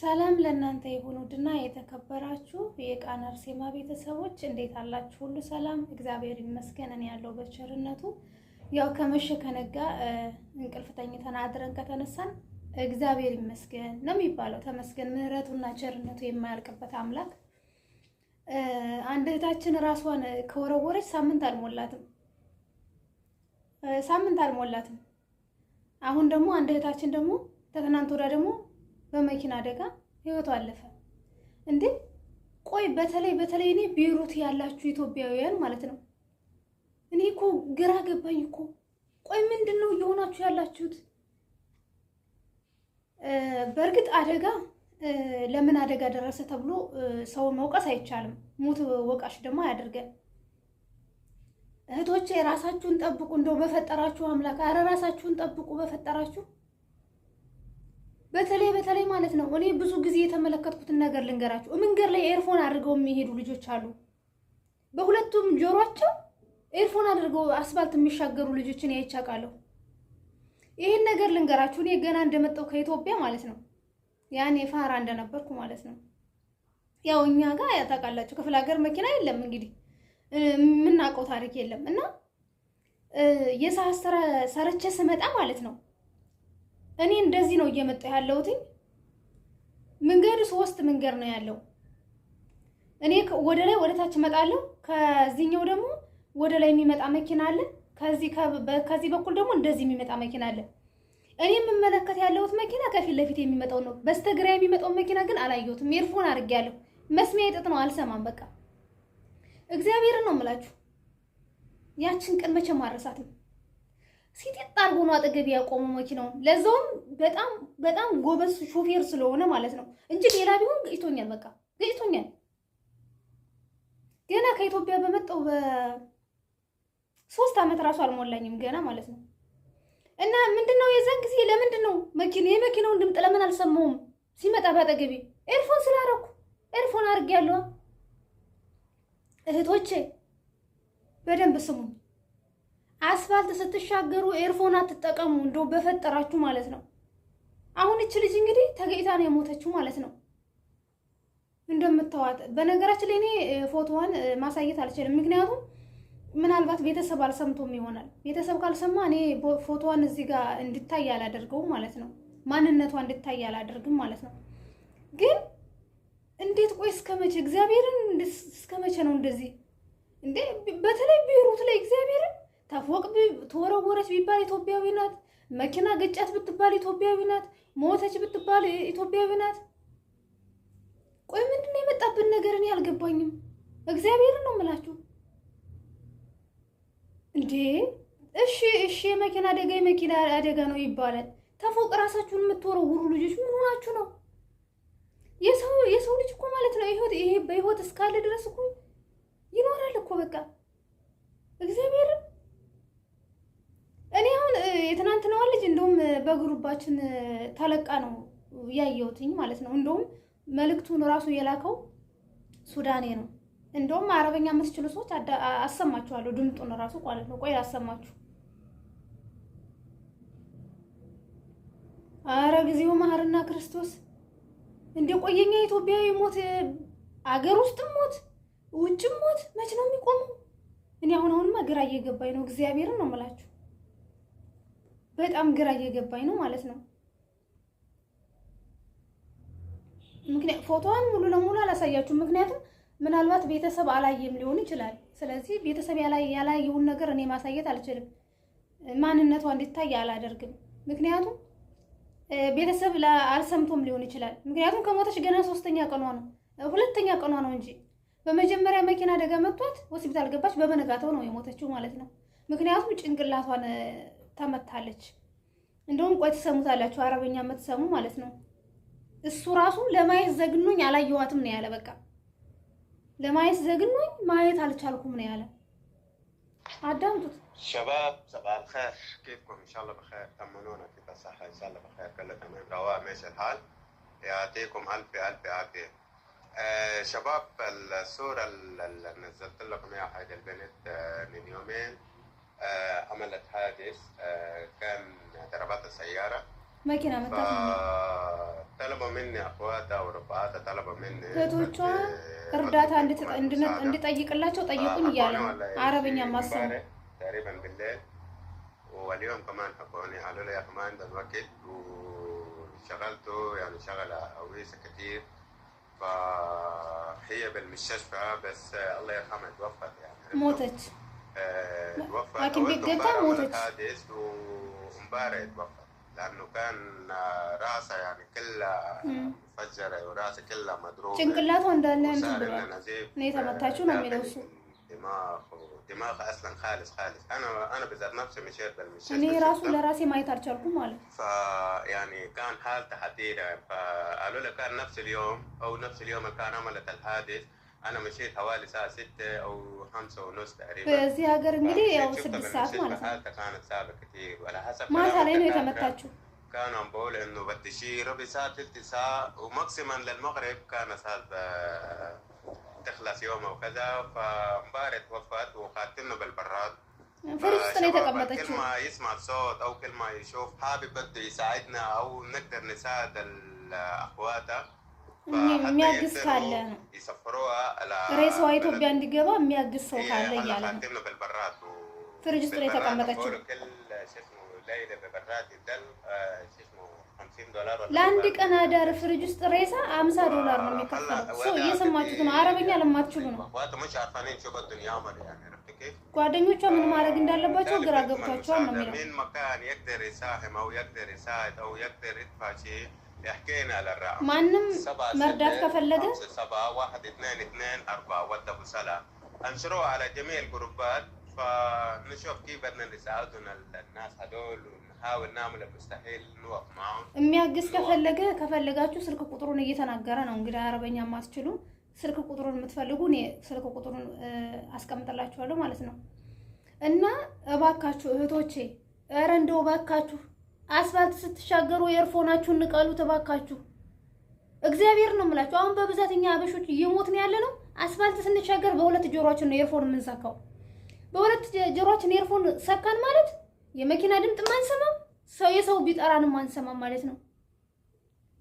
ሰላም ለእናንተ ይሁን ውድና የተከበራችሁ የቃና አርሴማ ቤተሰቦች እንዴት አላችሁ? ሁሉ ሰላም፣ እግዚአብሔር ይመስገን። እኔ ያለው በቸርነቱ ያው ከመሸ ከነጋ እንቅልፍ ተኝተን አድረን ከተነሳን እግዚአብሔር ይመስገን ነው የሚባለው። ተመስገን ምሕረቱና ቸርነቱ የማያልቅበት አምላክ። አንድ እህታችን ራሷን ከወረወረች ሳምንት አልሞላትም፣ ሳምንት አልሞላትም አሁን ደግሞ አንድ እህታችን ደግሞ ተትናንት ወዲያ ደግሞ በመኪና አደጋ ህይወቱ አለፈ። እንዴ ቆይ በተለይ በተለይ እኔ ቤይሩት ያላችሁ ኢትዮጵያውያን ማለት ነው እኔ እኮ ግራ ገባኝ እኮ። ቆይ ምንድን ነው እየሆናችሁ ያላችሁት? በእርግጥ አደጋ ለምን አደጋ ደረሰ ተብሎ ሰውን መውቀስ አይቻልም። ሙት ወቃሽ ደግሞ አያደርገን። እህቶቼ ራሳችሁን ጠብቁ፣ እንደው በፈጠራችሁ አምላክ፣ አረ ራሳችሁን ጠብቁ በፈጠራችሁ። በተለይ በተለይ ማለት ነው እኔ ብዙ ጊዜ የተመለከትኩትን ነገር ልንገራችሁ። መንገድ ላይ ኤርፎን አድርገው የሚሄዱ ልጆች አሉ። በሁለቱም ጆሯቸው ኤርፎን አድርገው አስፋልት የሚሻገሩ ልጆችን ያይቻቃለሁ። ይህን ነገር ልንገራችሁ። እኔ ገና እንደመጣው ከኢትዮጵያ ማለት ነው ያኔ ፋራ እንደነበርኩ ማለት ነው። ያው እኛ ጋር ያታውቃላችሁ ክፍለ ሀገር መኪና የለም እንግዲህ የምናውቀው ታሪክ የለም እና የሳስተረ ሰርቼ ስመጣ ማለት ነው እኔ እንደዚህ ነው እየመጣ ያለሁትኝ። መንገዱ ሶስት መንገድ ነው ያለው። እኔ ወደ ላይ ወደ ታች እመጣለሁ። ከዚህኛው ደግሞ ወደ ላይ የሚመጣ መኪና አለ። ከዚህ በኩል ደግሞ እንደዚህ የሚመጣ መኪና አለ። እኔ የምመለከት ያለሁት መኪና ከፊት ለፊት የሚመጣው ነው። በስተግራ የሚመጣው መኪና ግን አላየሁትም። ኤርፎን አድርጌያለሁ። መስሚያ የጥጥ ነው፣ አልሰማም በቃ እግዚአብሔርን ነው የምላችሁ። ያችን ቀን ማረሳት ነው። ሲጢጥ አድርጎ ነው አጠገብ ያቆመው መኪናውን። ለዛውም በጣም በጣም ጎበዝ ሾፌር ስለሆነ ማለት ነው እንጂ ሌላ ቢሆን ገጭቶኛል፣ በቃ ገጭቶኛል። ገና ከኢትዮጵያ በመጣው በሶስት ዓመት ራሱ አልሞላኝም ገና ማለት ነው። እና ምንድነው የዛን ጊዜ ለምንድን ነው መኪና የመኪናውን ድምፅ ለምን አልሰማውም? ሲመጣ ባጠገቤ ኤርፎን ስላረኩ ኤርፎን አድርጌያለሁ። እህቶቼ በደንብ ስሙ። አስፋልት ስትሻገሩ ኤርፎን አትጠቀሙ፣ እንደው በፈጠራችሁ ማለት ነው። አሁን እች ልጅ እንግዲህ ተገይታ ነው የሞተችው ማለት ነው እንደምታዋት። በነገራችን ላይ እኔ ፎቶዋን ማሳየት አልችልም፣ ምክንያቱም ምናልባት ቤተሰብ አልሰምቶም ይሆናል። ቤተሰብ ካልሰማ እኔ ፎቶዋን እዚህ ጋር እንድታይ አላደርገውም ማለት ነው። ማንነቷ እንድታይ አላደርግም ማለት ነው ግን እንዴት ቆይ እስከ መቼ እግዚአብሔርን እስከ መቼ ነው እንደዚህ እንዴ? በተለይ ቢሩት ላይ እግዚአብሔርን ተፎቅ ተወረወረች ቢባል ኢትዮጵያዊ ናት፣ መኪና ግጫት ብትባል ኢትዮጵያዊ ናት፣ ሞተች ብትባል ኢትዮጵያዊ ናት። ቆይ ምንድነው የመጣብን ነገር? እኔ አልገባኝም። እግዚአብሔርን ነው የምላችሁ እንዴ። እሺ እሺ፣ የመኪና አደጋ የመኪና አደጋ ነው ይባላል። ተፎቅ ራሳችሁን የምትወረውሩ ልጆች ምን ሆናችሁ ነው? የሰው ልጅ እኮ ማለት ነው ይሄ በህይወት እስካለ ድረስ እኮ ይኖራል እኮ በቃ እግዚአብሔር። እኔ አሁን የትናንትናዋን ልጅ እንደውም በግሩባችን ተለቃ ነው ያየሁትኝ ማለት ነው። እንደውም መልእክቱን ራሱ የላከው ሱዳኔ ነው። እንደውም አረበኛ የምትችሉ ሰዎች አሰማችኋለሁ፣ ድምጡን ራሱ ማለት ነው። ቆይ አሰማችሁ። አረ ጊዜው መሐርና ክርስቶስ እንደ ቆየኛ ኢትዮጵያዊ ሞት አገር ውስጥም ሞት ውጭም ሞት መች ነው የሚቆመው? እኔ አሁን አሁንማ ግራ እየገባኝ ነው። እግዚአብሔርን ነው የምላችሁ፣ በጣም ግራ እየገባኝ ነው ማለት ነው። ምክንያት ፎቶዋን ሙሉ ለሙሉ አላሳያችሁም፣ ምክንያቱም ምናልባት ቤተሰብ አላየም ሊሆን ይችላል። ስለዚህ ቤተሰብ ያላየውን ነገር እኔ ማሳየት አልችልም። ማንነቷ እንዲታይ አላደርግም፣ ምክንያቱም ቤተሰብ አልሰምቶም ሊሆን ይችላል። ምክንያቱም ከሞተች ገና ሶስተኛ ቀኗ ነው ሁለተኛ ቀኗ ነው እንጂ በመጀመሪያ መኪና አደጋ መቷት ሆስፒታል ገባች፣ በመነጋተው ነው የሞተችው ማለት ነው። ምክንያቱም ጭንቅላቷን ተመታለች። እንደውም ቆይ ትሰሙታላችሁ፣ አረበኛ የምትሰሙ ማለት ነው። እሱ ራሱ ለማየት ዘግኖኝ አላየዋትም ነው ያለ። በቃ ለማየት ዘግኖኝ ማየት አልቻልኩም ነው ያለ። عدمت شباب صباح الخير كيفكم ان شاء الله بخير طمنونا كيف الصحة ان شاء الله بخير كله تمام رواء ماشي الحال يعطيكم الف الف عافية آه شباب الصورة اللي نزلت لكم اياها هذه البنت آه من يومين آه عملت حادث آه كان ضربتها سيارة ماكينة متفهمة طلبوا مني اخواتها ورفقاتها طلبوا مني እርዳታ እንድጠይቅላቸው ጠይቁኝ እያለ ነው። አረበኛ ማሰሙ واليوم كمان حكوني قالوا لي يا اخي ما عندك وقت وشغلته يعني شغله هويسه كتير فهي بالمستشفى بس الله يرحمها توفت يعني موتت توفت لكن بجدتها موتت وامبارح توفت لانه كان آه، راسه يعني كلها مفجره وراسه كلها مضروبه چنقلاتهم ده اللي عندهم دماغ دماغ اصلا خالص خالص انا انا بذات نفسي مشيت بالمشي يعني راسه ولا راسي ما لكم ولا ف يعني كان حالته خطيره فقالوا لي كان نفس اليوم او نفس اليوم اللي كان عملت الحادث انا مشيت حوالي الساعه 6 او 5 ونص تقريبا في هاجر انجلي او 6 ساعات ما حالته كانت صعبه كثير وعلى حسب ما تعليني تمتاتشو كانوا عم بقول انه بدي ربع ساعه ثلث ساعه وماكسيما للمغرب كان ساعه تخلص يوم وكذا فمباراه توفت وخاتمنا بالبراد كل ما يسمع صوت او كل ما يشوف حابب بده يساعدنا او نقدر نساعد اخواته የሚያግዝ ካለ ነው። ሬሳዋ ኢትዮጵያ እንዲገባ የሚያግዝ ሰው ካለ እያለ ነው። ፍሪጅ ውስጥ ነው የተቀመጠችው። ለአንድ ቀን አዳር ፍሪጅ ውስጥ ሬሳ አምሳ ዶላር ነው የሚከፈለው። ሰው እየሰማችሁት ነው። አረበኛ ለማትችሉ ነው ጓደኞቿ ምን ማድረግ እንዳለባቸው ግራ ገብቷቸዋል ነው የሚለው ማንም መርዳት ከፈለገ የሚያግዝ ከፈለገ ከፈለጋችሁ ስልክ ቁጥሩን እየተናገረ ነው። እንግዲህ አረበኛ ማስችሉ ስልክ ቁጥሩን የምትፈልጉ እኔ ስልክ ቁጥሩን አስቀምጥላችኋለሁ ማለት ነው። እና እባካችሁ እህቶቼ፣ ኧረ እንደው እባካችሁ አስፋልት ስትሻገሩ ኤርፎናችሁን ንቀሉ ተባካችሁ። እግዚአብሔር ነው የምላችሁ። አሁን በብዛት እኛ አበሾች እየሞትን ያለ ነው። አስፋልት ስንሻገር በሁለት ጆሮችን ነው ኤርፎን የምንሰካው። በሁለት ጆሮችን ኤርፎን ሰካን ማለት የመኪና ድምፅ ማንሰማም፣ ሰው የሰው ቢጠራንም አንሰማም ማለት ነው።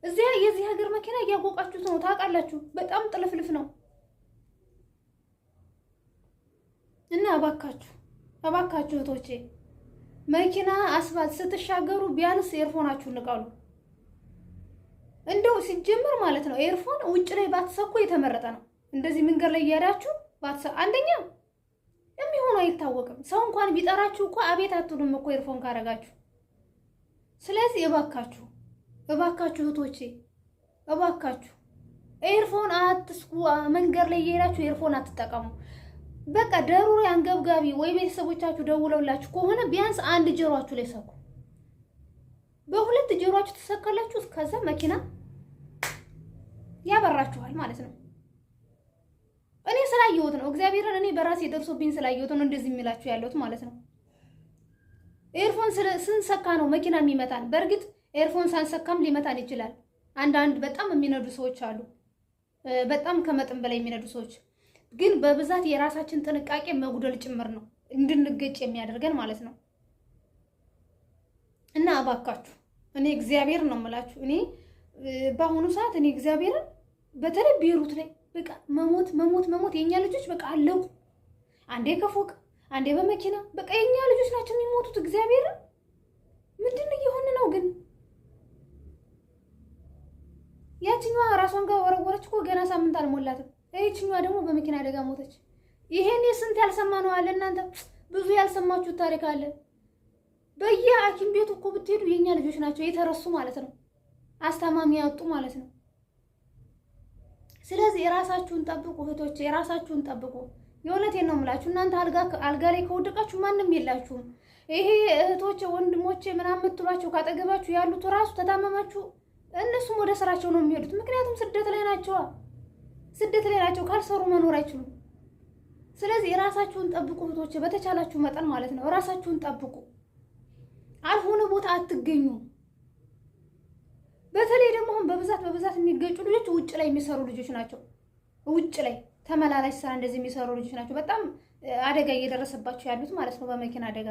እዚያ የዚህ ሀገር መኪና እያጎቃችሁት ነው ታውቃላችሁ። በጣም ጥልፍልፍ ነው እና እባካችሁ እባካችሁ እህቶቼ መኪና አስፋልት ስትሻገሩ ቢያንስ ኤርፎናችሁን ንቀሉ። እንደው ሲጀመር ማለት ነው ኤርፎን ውጭ ላይ ባትሰኩ የተመረጠ ነው። እንደዚህ መንገድ ላይ እያዳችሁ ባትሰ አንደኛ የሚሆኑ አይታወቅም። ሰው እንኳን ቢጠራችሁ እኮ አቤት አትሉም እኮ ኤርፎን ካረጋችሁ። ስለዚህ እባካችሁ እባካችሁ እህቶቼ እባካችሁ ኤርፎን አትስኩ። መንገድ ላይ እየሄዳችሁ ኤርፎን አትጠቀሙ። በቃ ደሩሪ አንገብጋቢ ወይ ቤተሰቦቻችሁ ደውለውላችሁ ከሆነ ቢያንስ አንድ ጆሯችሁ ላይ ሰኩ። በሁለት ጆሯችሁ ተሰካላችሁ፣ ከዛ መኪና ያበራችኋል ማለት ነው። እኔ ስላየሁት ነው እግዚአብሔርን፣ እኔ በራሴ ደርሶብኝ ስላየሁት ነው እንደዚህ የሚላችሁ ያለሁት ማለት ነው። ኤርፎን ስንሰካ ነው መኪና የሚመጣን በእርግጥ ኤርፎን ሳንሰካም ሊመጣን ይችላል። አንዳንድ በጣም የሚነዱ ሰዎች አሉ፣ በጣም ከመጠን በላይ የሚነዱ ሰዎች ግን በብዛት የራሳችን ጥንቃቄ መጉደል ጭምር ነው እንድንገጭ የሚያደርገን ማለት ነው። እና እባካችሁ እኔ እግዚአብሔር ነው የምላችሁ። እኔ በአሁኑ ሰዓት እኔ እግዚአብሔርን በተለይ ቤሩት ላይ በቃ መሞት መሞት መሞት የእኛ ልጆች በቃ አለቁ። አንዴ ከፎቅ አንዴ በመኪና በቃ የእኛ ልጆች ናቸው የሚሞቱት። እግዚአብሔርን ምንድን እየሆን ነው? ግን ያችኛዋ ራሷን ጋር ወረወረች እኮ ገና ሳምንት አልሞላትም። ይችኛ ደግሞ በመኪና አደጋ ሞተች። ይሄን የስንት ያልሰማ ነው አለ። እናንተ ብዙ ያልሰማችሁት ታሪክ አለ። በየሐኪም ቤቱ እኮ ብትሄዱ የእኛ ልጆች ናቸው የተረሱ ማለት ነው፣ አስታማሚ ያጡ ማለት ነው። ስለዚህ የራሳችሁን ጠብቁ እህቶች፣ የራሳችሁን ጠብቁ። የእውነቴን ነው የምላችሁ። እናንተ አልጋ ላይ ከወደቃችሁ ማንም የላችሁም። ይሄ እህቶቼ ወንድሞቼ ምናምን የምትሏቸው ካጠገባችሁ ያሉት ራሱ ተታመማችሁ፣ እነሱም ወደ ስራቸው ነው የሚሄዱት። ምክንያቱም ስደት ላይ ናቸዋ። ስደት ላይ ናቸው፣ ካልሰሩ መኖር አይችሉም። ስለዚህ ራሳችሁን ጠብቁ እህቶች፣ በተቻላችሁ መጠን ማለት ነው። ራሳችሁን ጠብቁ፣ አልሆነ ቦታ አትገኙ። በተለይ ደግሞ አሁን በብዛት በብዛት የሚገጩ ልጆች ውጭ ላይ የሚሰሩ ልጆች ናቸው። ውጭ ላይ ተመላላሽ ስራ እንደዚህ የሚሰሩ ልጆች ናቸው። በጣም አደጋ እየደረሰባቸው ያሉት ማለት ነው። በመኪና አደጋ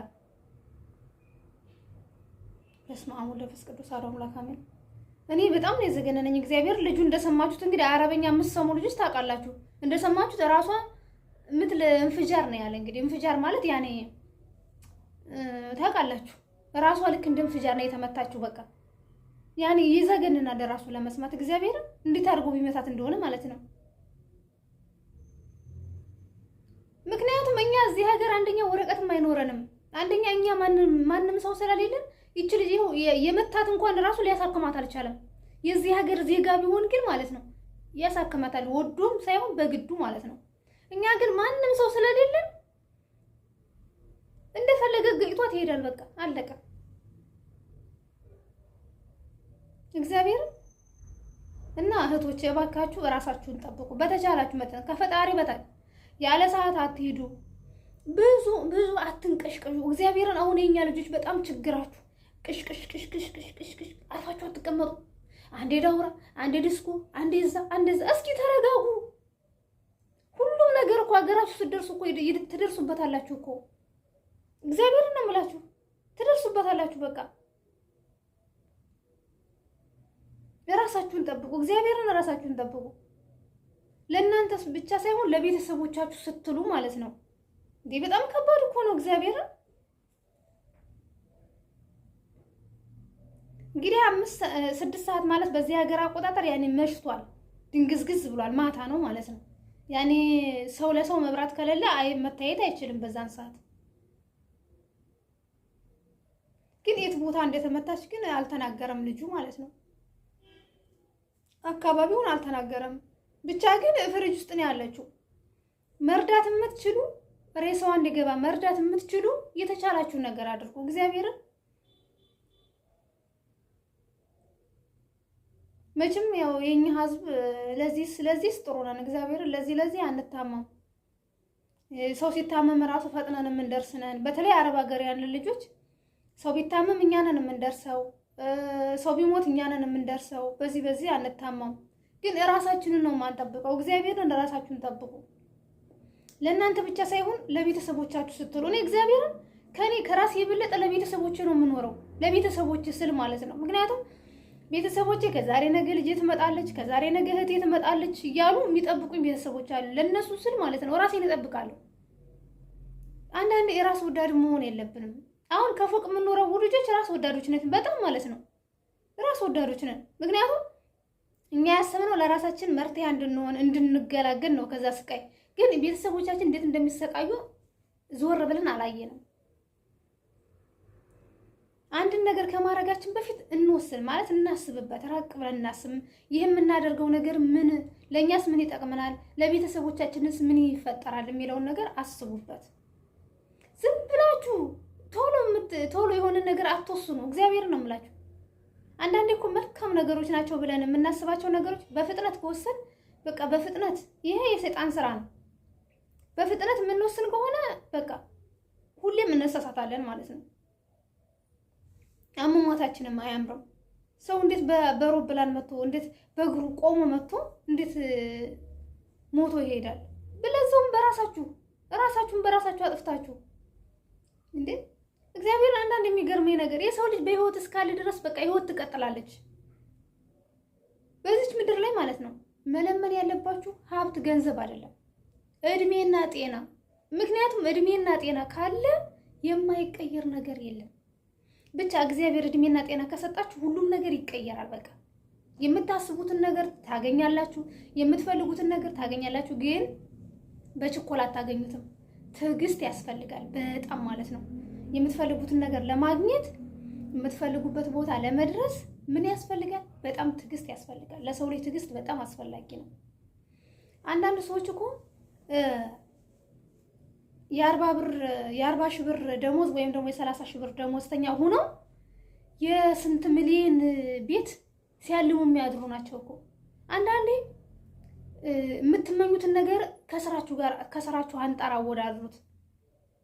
በስመ አብ ወመንፈስ ቅዱስ አሐዱ አምላክ አሜን። እኔ በጣም ነው የዘገነነኝ። እግዚአብሔር ልጁ እንደሰማችሁት እንግዲህ አረበኛ የምትሰሙ ልጆች ታውቃላችሁ። እንደሰማችሁት ራሷ ምትል እንፍጃር ነው ያለ። እንግዲህ እንፍጃር ማለት ያኔ ታውቃላችሁ፣ ራሷ ልክ እንደ እንፍጃር ነው የተመታችሁ። በቃ ያኔ ይዘገንናል ራሱ ለመስማት እግዚአብሔር እንዴት አድርጎ ቢመታት እንደሆነ ማለት ነው። ምክንያቱም እኛ እዚህ ሀገር አንደኛ ወረቀትም አይኖረንም፣ አንደኛ እኛ ማንም ማንም ሰው ስለሌለን ይቺ ልጅ የመታት እንኳን ራሱ ሊያሳክማት አልቻለም። የዚህ ሀገር ዜጋ ቢሆን ግን ማለት ነው ያሳክማታል፣ ወዶም ሳይሆን በግዱ ማለት ነው። እኛ ግን ማንም ሰው ስለሌለን እንደፈለገ ገጭቷ ትሄዳል። በቃ አለቀ። እግዚአብሔር እና እህቶች የባካችሁ እራሳችሁን ጠብቁ፣ በተቻላችሁ መጠን ከፈጣሪ በታች ያለ ሰዓት አትሄዱ። ብዙ ብዙ አትንቀሽቀሹ። እግዚአብሔርን አሁን የኛ ልጆች በጣም ችግራችሁ ቅሽቅሽቅሽቅሽቅሽቅሽ አርፋችሁ አትቀመጡ። አንዴ ዳውራ፣ አንዴ ዲስኩ፣ አንዴ እዛ፣ አንዴ እዛ። እስኪ ተረጋጉ። ሁሉም ነገር እኮ ሀገራችሁ ስትደርሱ እኮ ትደርሱበታላችሁ እኮ እግዚአብሔርን ነው የምላችሁ፣ ትደርሱበታላችሁ። በቃ ራሳችሁን ጠብቁ። እግዚአብሔርን እራሳችሁን ጠብቁ። ለእናንተ ብቻ ሳይሆን ለቤተሰቦቻችሁ ስትሉ ማለት ነው። እንዴ በጣም ከባድ እኮ ነው እግዚአብሔርን እንግዲህ አምስት ስድስት ሰዓት ማለት በዚህ ሀገር አቆጣጠር ያኔ መሽቷል፣ ድንግዝግዝ ብሏል። ማታ ነው ማለት ነው። ያኔ ሰው ለሰው መብራት ከሌለ አይ መታየት አይችልም በዛን ሰዓት። ግን የት ቦታ እንደተመታች ግን አልተናገረም ልጁ ማለት ነው። አካባቢውን አልተናገረም። ብቻ ግን ፍሪጅ ውስጥ ነው ያለችው። መርዳት የምትችሉ ሬሳዋ እንዲገባ መርዳት የምትችሉ የተቻላችሁን ነገር አድርጉ እግዚአብሔርን መቼም ያው የኛ ህዝብ ለዚህ ስለዚህ ጥሩ ነን። እግዚአብሔር ለዚህ ለዚህ አንታማም። ሰው ሲታመም ራሱ ፈጥነን የምንደርስ ነን። በተለይ አረብ ሀገር ያለ ልጆች ሰው ቢታመም እኛ ነን የምንደርሰው፣ ሰው ቢሞት እኛ ነን የምንደርሰው። በዚህ በዚህ አንታማም። ግን ራሳችንን ነው የማንጠብቀው። እግዚአብሔርን ራሳችሁን ጠብቁ። ለእናንተ ብቻ ሳይሆን ለቤተሰቦቻችሁ ስትሉ እኔ እግዚአብሔርን ከኔ ከራሴ የበለጠ ለቤተሰቦቼ ነው የምኖረው። ለቤተሰቦቼ ስል ማለት ነው ምክንያቱም ቤተሰቦቼ ከዛሬ ነገ ልጄ ትመጣለች፣ ከዛሬ ነገ እህቴ ትመጣለች እያሉ የሚጠብቁኝ ቤተሰቦች አሉ። ለእነሱ ስል ማለት ነው ራሴን እጠብቃለሁ። አንዳንድ የራስ ወዳድ መሆን የለብንም። አሁን ከፎቅ የምንኖረው ልጆች ራስ ወዳዶች ነን፣ በጣም ማለት ነው ራስ ወዳዶች ነን። ምክንያቱም እኛ ያሰብነው ለራሳችን መርትያ እንድንሆን እንድንገላገል ነው። ከዛ ስቃይ ግን ቤተሰቦቻችን እንዴት እንደሚሰቃዩ ዞር ብለን አላየንም። አንድን ነገር ከማድረጋችን በፊት እንወስን ማለት እናስብበት፣ ራቅ ብለን እናስብ። ይህ የምናደርገው ነገር ምን ለእኛስ ምን ይጠቅመናል፣ ለቤተሰቦቻችንስ ምን ይፈጠራል የሚለውን ነገር አስቡበት። ዝም ብላችሁ ቶሎ ቶሎ የሆነ ነገር አትወስኑ። እግዚአብሔር ነው ምላችሁ? አንዳንዴ እኮ መልካም ነገሮች ናቸው ብለን የምናስባቸው ነገሮች በፍጥነት ከወሰን በቃ በፍጥነት ይሄ የሰይጣን ስራ ነው። በፍጥነት የምንወስን ከሆነ በቃ ሁሌም እንሰሳታለን ማለት ነው። አመሟታችንም አያምረው። ሰው እንዴት በሮብላን መጥቶ እንዴት በእግሩ ቆሞ መጥቶ እንዴት ሞቶ ይሄዳል? ብለዛውም በራሳችሁ ራሳችሁን በራሳችሁ አጥፍታችሁ እንዴ! እግዚአብሔር አንዳንድ የሚገርመኝ ነገር የሰው ልጅ በህይወት እስካለ ድረስ በቃ ህይወት ትቀጥላለች በዚች ምድር ላይ ማለት ነው። መለመን ያለባችሁ ሀብት፣ ገንዘብ አይደለም እድሜና ጤና። ምክንያቱም እድሜና ጤና ካለ የማይቀየር ነገር የለም። ብቻ እግዚአብሔር እድሜና ጤና ከሰጣችሁ ሁሉም ነገር ይቀየራል። በቃ የምታስቡትን ነገር ታገኛላችሁ፣ የምትፈልጉትን ነገር ታገኛላችሁ። ግን በችኮላ አታገኙትም። ትዕግስት ያስፈልጋል በጣም ማለት ነው። የምትፈልጉትን ነገር ለማግኘት የምትፈልጉበት ቦታ ለመድረስ ምን ያስፈልጋል? በጣም ትዕግስት ያስፈልጋል። ለሰው ልጅ ትዕግስት በጣም አስፈላጊ ነው። አንዳንድ ሰዎች እኮ የአርባ ብር የአርባ ሺህ ብር ደሞዝ ወይም ደግሞ የሰላሳ ሺህ ብር ደሞዝተኛ ሆኖ የስንት ሚሊዮን ቤት ሲያልሙ የሚያድሩ ናቸው እኮ። አንዳንዴ የምትመኙትን ነገር ከስራችሁ ጋር ከስራችሁ አንጣር አወዳድሩት።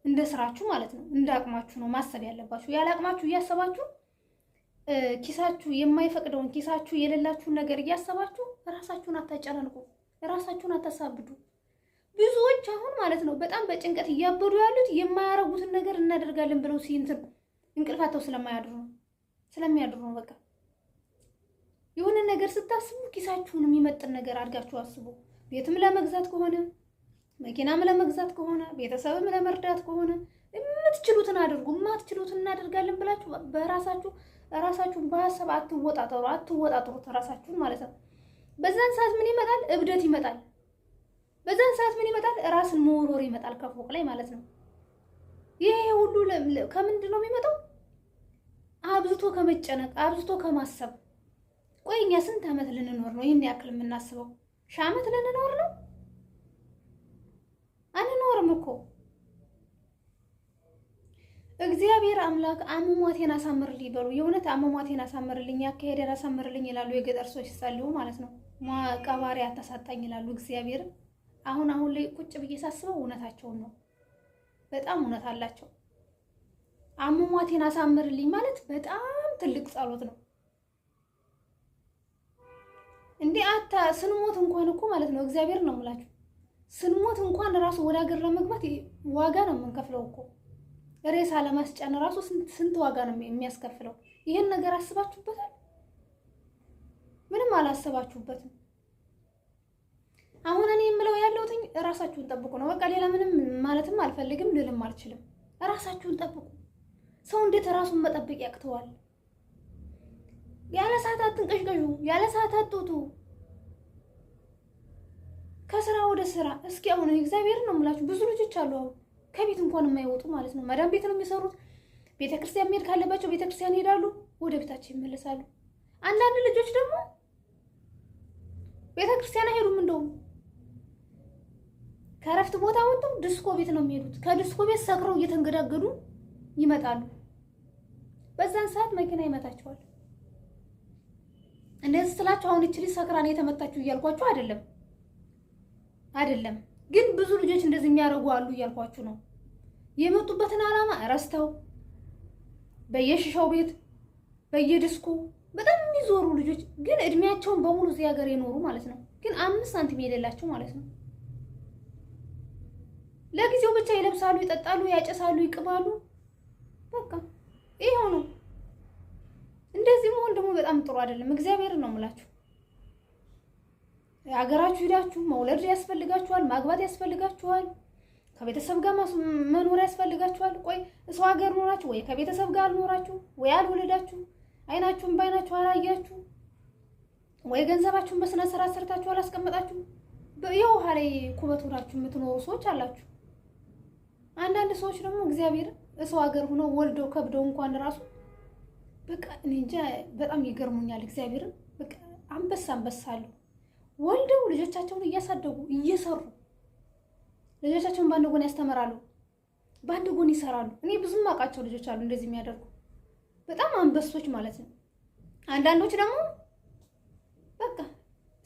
እንደ ስራችሁ ማለት ነው፣ እንደ አቅማችሁ ነው ማሰብ ያለባችሁ። ያለ አቅማችሁ እያሰባችሁ ኪሳችሁ የማይፈቅደውን ኪሳችሁ የሌላችሁን ነገር እያሰባችሁ ራሳችሁን አታጨናንቁ፣ ራሳችሁን አታሳብዱ። ብዙዎች አሁን ማለት ነው በጣም በጭንቀት እያበዱ ያሉት የማያረጉትን ነገር እናደርጋለን ብለው ሲንትን እንቅልፋቸው ስለማያድሩ ስለሚያድሩ ነው። በቃ የሆነ ነገር ስታስቡ ኪሳችሁን የሚመጥን ነገር አድርጋችሁ አስቡ። ቤትም ለመግዛት ከሆነ መኪናም ለመግዛት ከሆነ ቤተሰብም ለመርዳት ከሆነ የምትችሉትን አድርጉ። የማትችሉትን እናደርጋለን ብላችሁ በራሳችሁ ራሳችሁን በሀሳብ አትወጣጠሩ አትወጣጠሩት ራሳችሁን ማለት ነው። በዛን ሰዓት ምን ይመጣል? እብደት ይመጣል። በዛን ሰዓት ምን ይመጣል? ራስን መወርወር ይመጣል፣ ከፎቅ ላይ ማለት ነው። ይሄ ሁሉ ከምንድን ነው የሚመጣው? አብዝቶ ከመጨነቅ አብዝቶ ከማሰብ። ቆይ እኛ ስንት ዓመት ልንኖር ነው ይህን ያክል የምናስበው? ሺህ ዓመት ልንኖር ነው? አንኖርም እኮ እግዚአብሔር አምላክ አመሟቴን አሳምርልኝ በሉ። የእውነት አመሟቴን አሳምርልኝ፣ ያካሄደን አሳምርልኝ ይላሉ የገጠር ሰዎች ሲጸልዩ ማለት ነው። ቀባሪ አታሳጣኝ ይላሉ እግዚአብሔርን አሁን አሁን ላይ ቁጭ ብዬ ሳስበው እውነታቸውን ነው። በጣም እውነት አላቸው። አሟሟቴን አሳምርልኝ ማለት በጣም ትልቅ ጸሎት ነው። እንዴ አታ ስንሞት እንኳን እኮ ማለት ነው እግዚአብሔር ነው የምላችሁ ስንሞት እንኳን ራሱ ወደ ሀገር ለመግባት ዋጋ ነው የምንከፍለው እኮ ሬሳ ለማስጫን ራሱ ስንት ዋጋ ነው የሚያስከፍለው። ይህን ነገር አስባችሁበታል? ምንም አላሰባችሁበትም። አሁን እኔ የምለው ያለሁት ራሳችሁን ጠብቁ ነው። በቃ ሌላ ምንም ማለትም አልፈልግም፣ ልልም አልችልም። ራሳችሁን ጠብቁ። ሰው እንዴት ራሱን መጠበቅ ያቅተዋል? ያለ ሰዓት አትንቀሽቀሹ፣ ያለ ሰዓት አትውጡ ከስራ ወደ ስራ። እስኪ አሁን እግዚአብሔር ነው የምላችሁ ብዙ ልጆች አሉ አሁን ከቤት እንኳን የማይወጡ ማለት ነው። መዳም ቤት ነው የሚሰሩት። ቤተክርስቲያን መሄድ ካለባቸው ቤተክርስቲያን ይሄዳሉ፣ ወደ ቤታቸው ይመለሳሉ። አንዳንድ ልጆች ደግሞ ቤተክርስቲያን አይሄዱም እንደውም ከረፍት ቦታ ወጥተው ድስኮ ቤት ነው የሚሄዱት። ከድስኮ ቤት ሰክረው እየተንገዳገዱ ይመጣሉ። በዛን ሰዓት መኪና ይመታቸዋል። እንደዚህ ስላችሁ አሁን እችሊ ሰክራ ነው የተመታችሁ እያልኳችሁ አይደለም አይደለም፣ ግን ብዙ ልጆች እንደዚህ የሚያደርጉ አሉ እያልኳችሁ ነው። የመጡበትን ዓላማ እረስተው በየሽሻው ቤት በየድስኩ በጣም የሚዞሩ ልጆች ግን እድሜያቸውን በሙሉ እዚህ ሀገር የኖሩ ማለት ነው፣ ግን አምስት ሳንቲም የሌላቸው ማለት ነው። ለጊዜው ብቻ ይለብሳሉ፣ ይጠጣሉ፣ ያጨሳሉ፣ ይቅማሉ። በቃ ይሄው ነው። እንደዚህ መሆን ደግሞ በጣም ጥሩ አይደለም። እግዚአብሔር ነው የምላችሁ። ሀገራችሁ ሂዳችሁ መውለድ ያስፈልጋችኋል፣ ማግባት ያስፈልጋችኋል፣ ከቤተሰብ ጋር መኖር ያስፈልጋችኋል። ቆይ እሰው ሀገር ኖራችሁ ወይ ከቤተሰብ ጋር አልኖራችሁ ወይ አልወለዳችሁ አይናችሁን በአይናችሁ አላያችሁ ወይ ገንዘባችሁን በስነ ስርዓት ሰርታችሁ አላስቀመጣችሁ፣ የውሃ ላይ ኩበት ሆናችሁ የምትኖሩ ሰዎች አላችሁ። አንዳንድ ሰዎች ደግሞ እግዚአብሔርን እሰው ሀገር ሆኖ ወልደው ከብደው እንኳን ራሱ በቃ እኔ እንጃ በጣም ይገርሙኛል። እግዚአብሔርን በቃ አንበሳ አንበሳ አሉ ወልደው ልጆቻቸውን እያሳደጉ እየሰሩ ልጆቻቸውን በአንድ ጎን ያስተምራሉ፣ በአንድ ጎን ይሰራሉ። እኔ ብዙም አውቃቸው ልጆች አሉ እንደዚህ የሚያደርጉ በጣም አንበሶች ማለት ነው። አንዳንዶች ደግሞ በቃ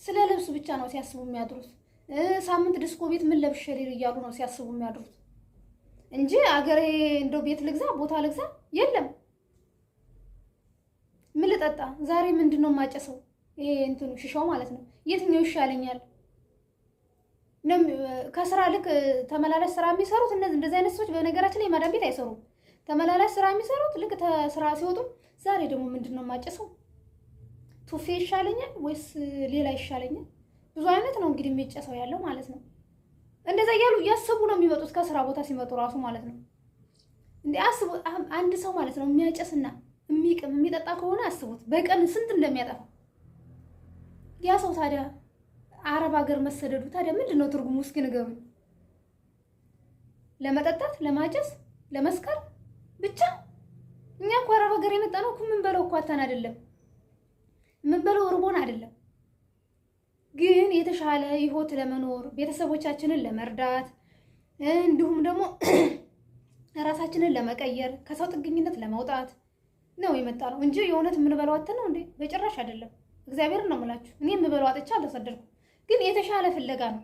ስለ ልብሱ ብቻ ነው ሲያስቡ የሚያድሩት። ሳምንት ዲስኮ ቤት ምን ለብሼ ልሂድ እያሉ ነው ሲያስቡ የሚያድሩት። እንጂ አገሬ እንደው ቤት ልግዛ ቦታ ልግዛ የለም። ምን ልጠጣ ዛሬ? ምንድን ነው የማጨሰው? ይሄ እንትኑ ሽሻው ማለት ነው። የትኛው ይሻለኛል? ከስራ ልክ ተመላላሽ ስራ የሚሰሩት እንደዚህ አይነት ሰዎች በነገራችን ላይ ቤት አይሰሩም። ተመላላሽ ስራ የሚሰሩት ልክ ስራ ሲወጡ ዛሬ ደግሞ ምንድን ነው የማጨሰው? ቱፌ ይሻለኛል ወይስ ሌላ ይሻለኛል? ብዙ አይነት ነው እንግዲህ የሚጨሰው ያለው ማለት ነው። እንደዛ እያሉ እያሰቡ ነው የሚመጡት ከስራ ቦታ ሲመጡ ራሱ ማለት ነው። እንደ አስቡ አንድ ሰው ማለት ነው የሚያጨስና የሚቅም የሚጠጣ ከሆነ አስቡት በቀን ስንት እንደሚያጠፋ ያ ሰው። ታዲያ አረብ ሀገር መሰደዱ ታዲያ ምንድን ነው ትርጉሙ? እስኪ ንገሩኝ። ለመጠጣት፣ ለማጨስ፣ ለመስከር ብቻ። እኛ እኮ አረብ ሀገር የመጣ ነው እኮ የምንበለው እኮ አታን አይደለም፣ የምንበለው እርቦን አይደለም ግን የተሻለ ህይወት ለመኖር ቤተሰቦቻችንን ለመርዳት እንዲሁም ደግሞ ራሳችንን ለመቀየር ከሰው ጥገኝነት ለመውጣት ነው የመጣ ነው እንጂ የእውነት የምንበላው አጥተን ነው እንዴ? በጭራሽ አይደለም። እግዚአብሔር ነው የምላችሁ። እኔ የምበላው አጥቻ አልተሰደድኩም፣ ግን የተሻለ ፍለጋ ነው።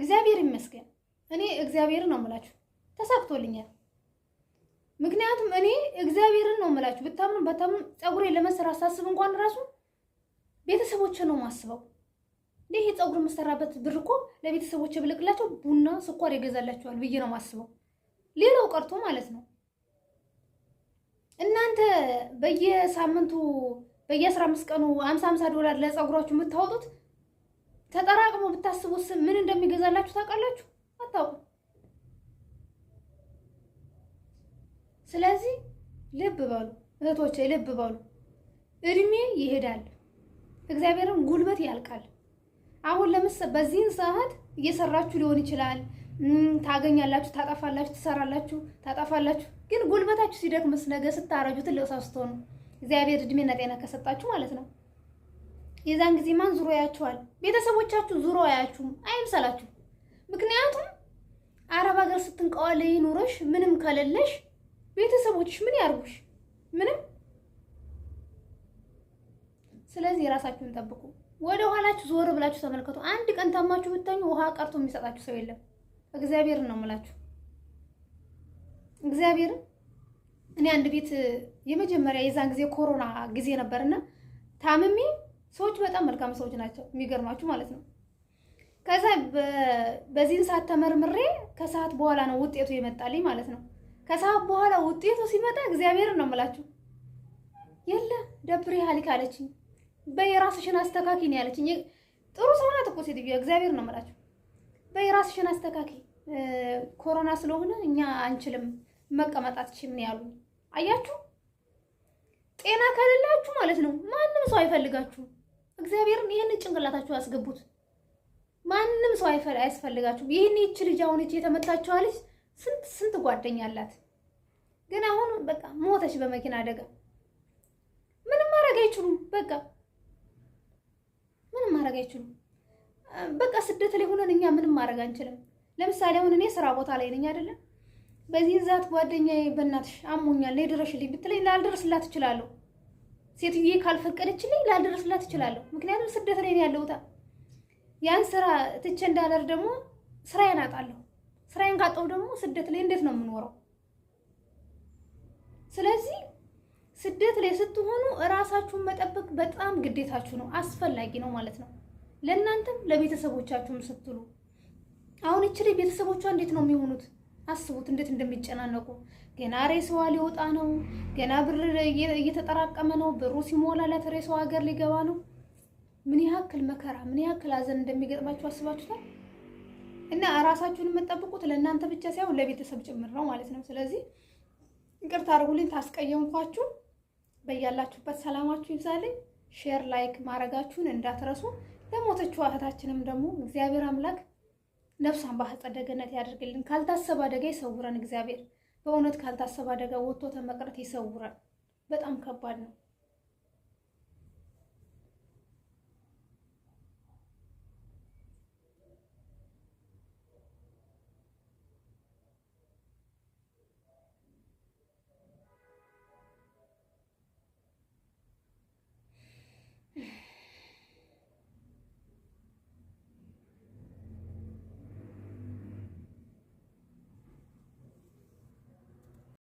እግዚአብሔር ይመስገን። እኔ እግዚአብሔር ነው የምላችሁ፣ ተሳክቶልኛል። ምክንያቱም እኔ እግዚአብሔርን ነው የምላችሁ። ብታምኑ በታምኑ ፀጉሬ ለመሰራት ሳስብ እንኳን ራሱ ቤተሰቦች ነው ማስበው። ይህ ፀጉር የምሰራበት ብር እኮ ለቤተሰቦች ብልቅላቸው ቡና ስኳር ይገዛላቸዋል ብዬ ነው ማስበው። ሌላው ቀርቶ ማለት ነው እናንተ በየሳምንቱ በየአስራ አምስት ቀኑ ሀምሳ ሀምሳ ዶላር ለፀጉራችሁ የምታወጡት ተጠራቅሞ ብታስቡስ ምን እንደሚገዛላችሁ ታውቃላችሁ? አታውቁ። ስለዚህ ልብ በሉ እህቶቼ፣ ልብ በሉ። እድሜ ይሄዳል። እግዚአብሔርን ጉልበት ያልቃል። አሁን ለምስ በዚህን ሰዓት እየሰራችሁ ሊሆን ይችላል። ታገኛላችሁ፣ ታጠፋላችሁ፣ ትሰራላችሁ፣ ታጠፋላችሁ። ግን ጉልበታችሁ ሲደክምስ ነገ ስታረጁ ትልቅ ሰው ስትሆኑ እግዚአብሔር እድሜና ጤና ከሰጣችሁ ማለት ነው። የዛን ጊዜ ማን ዙሮ ያያችኋል? ቤተሰቦቻችሁ ዙሮ አያችሁም። አይምሰላችሁ። ምክንያቱም አረብ ሀገር ስትንቀዋለ ኑሮሽ ምንም ከሌለሽ ቤተሰቦችሽ ምን ያርጉሽ? ምንም ስለዚህ የራሳችሁን ጠብቁ። ወደ ኋላችሁ ዞር ብላችሁ ተመልከቱ። አንድ ቀን ታማችሁ ብታኙ ውሃ ቀርቶ የሚሰጣችሁ ሰው የለም። እግዚአብሔርን ነው የምላችሁ። እግዚአብሔር እኔ አንድ ቤት የመጀመሪያ የዛን ጊዜ ኮሮና ጊዜ ነበርና ታምሜ፣ ሰዎች በጣም መልካም ሰዎች ናቸው የሚገርማችሁ ማለት ነው። ከዛ በዚህን ሰዓት ተመርምሬ ከሰዓት በኋላ ነው ውጤቱ የመጣልኝ ማለት ነው። ከሰዓት በኋላ ውጤቱ ሲመጣ እግዚአብሔርን ነው የምላችሁ የለ ደብሬ ሀሊክ አለችኝ። በየራስሽን አስተካኪ ነው ያለችኝ። ጥሩ ሰው ናት እኮ ሴትዮ፣ እግዚአብሔር ነው የምላችሁ። በየራስሽን አስተካኪ፣ ኮሮና ስለሆነ እኛ አንችልም መቀመጥ አትችይም ነው ያሉ። አያችሁ፣ ጤና ከሌላችሁ ማለት ነው ማንም ሰው አይፈልጋችሁ? እግዚአብሔርን ይህን ጭንቅላታችሁ አስገቡት። ማንም ሰው አያስፈልጋችሁም። ይህን ይቺ ልጅ አሁን እቺ የተመታችው አለች። ስንት ስንት ጓደኛ አላት፣ ግን አሁን በቃ ሞተች በመኪና አደጋ። ምንም ማድረግ አይችሉም በቃ ምንም ማድረግ አይችሉም። በቃ ስደት ላይ ሆነን እኛ ምንም ማድረግ አንችልም። ለምሳሌ አሁን እኔ ስራ ቦታ ላይ ነኝ አይደለም። በዚህ ዛት ጓደኛዬ በእናትሽ አሞኛል ነይ ድረሽልኝ ብትለኝ ላልደርስላት እችላለሁ። ሴትዬ ካልፈቀደችልኝ ላልደርስላት እችላለሁ። ምክንያቱም ስደት ላይ ነው ያለሁት። ያን ስራ ትቼ እንዳለር ደግሞ ስራዬን አጣለሁ። ስራዬን ካጣሁ ደግሞ ስደት ላይ እንዴት ነው የምኖረው? ስለዚህ ስደት ላይ ስትሆኑ እራሳችሁን መጠበቅ በጣም ግዴታችሁ ነው፣ አስፈላጊ ነው ማለት ነው። ለእናንተም ለቤተሰቦቻችሁም ስትሉ አሁን እችሪ ቤተሰቦቿ እንዴት ነው የሚሆኑት? አስቡት እንዴት እንደሚጨናነቁ። ገና ሬሳዋ ሊወጣ ነው፣ ገና ብር እየተጠራቀመ ነው። ብሩ ሲሞላላት ሬሳዋ ሀገር ሊገባ ነው። ምን ያክል መከራ፣ ምን ያክል ሀዘን እንደሚገጥማችሁ አስባችሁታል? እና እራሳችሁን የምትጠብቁት ለእናንተ ብቻ ሳይሆን ለቤተሰብ ጭምር ነው ማለት ነው። ስለዚህ ይቅርታ አድርጉልኝ ታስቀየምኳችሁ። በያላችሁበት ሰላማችሁ ይብዛልኝ። ሼር ላይክ ማድረጋችሁን እንዳትረሱ። ለሞተችው እህታችንም ደግሞ እግዚአብሔር አምላክ ነፍሷን በአጸደ ገነት ያደርግልን። ካልታሰበ አደጋ ይሰውረን እግዚአብሔር። በእውነት ካልታሰበ አደጋ ወጥቶ ተመቅረት ይሰውረን። በጣም ከባድ ነው።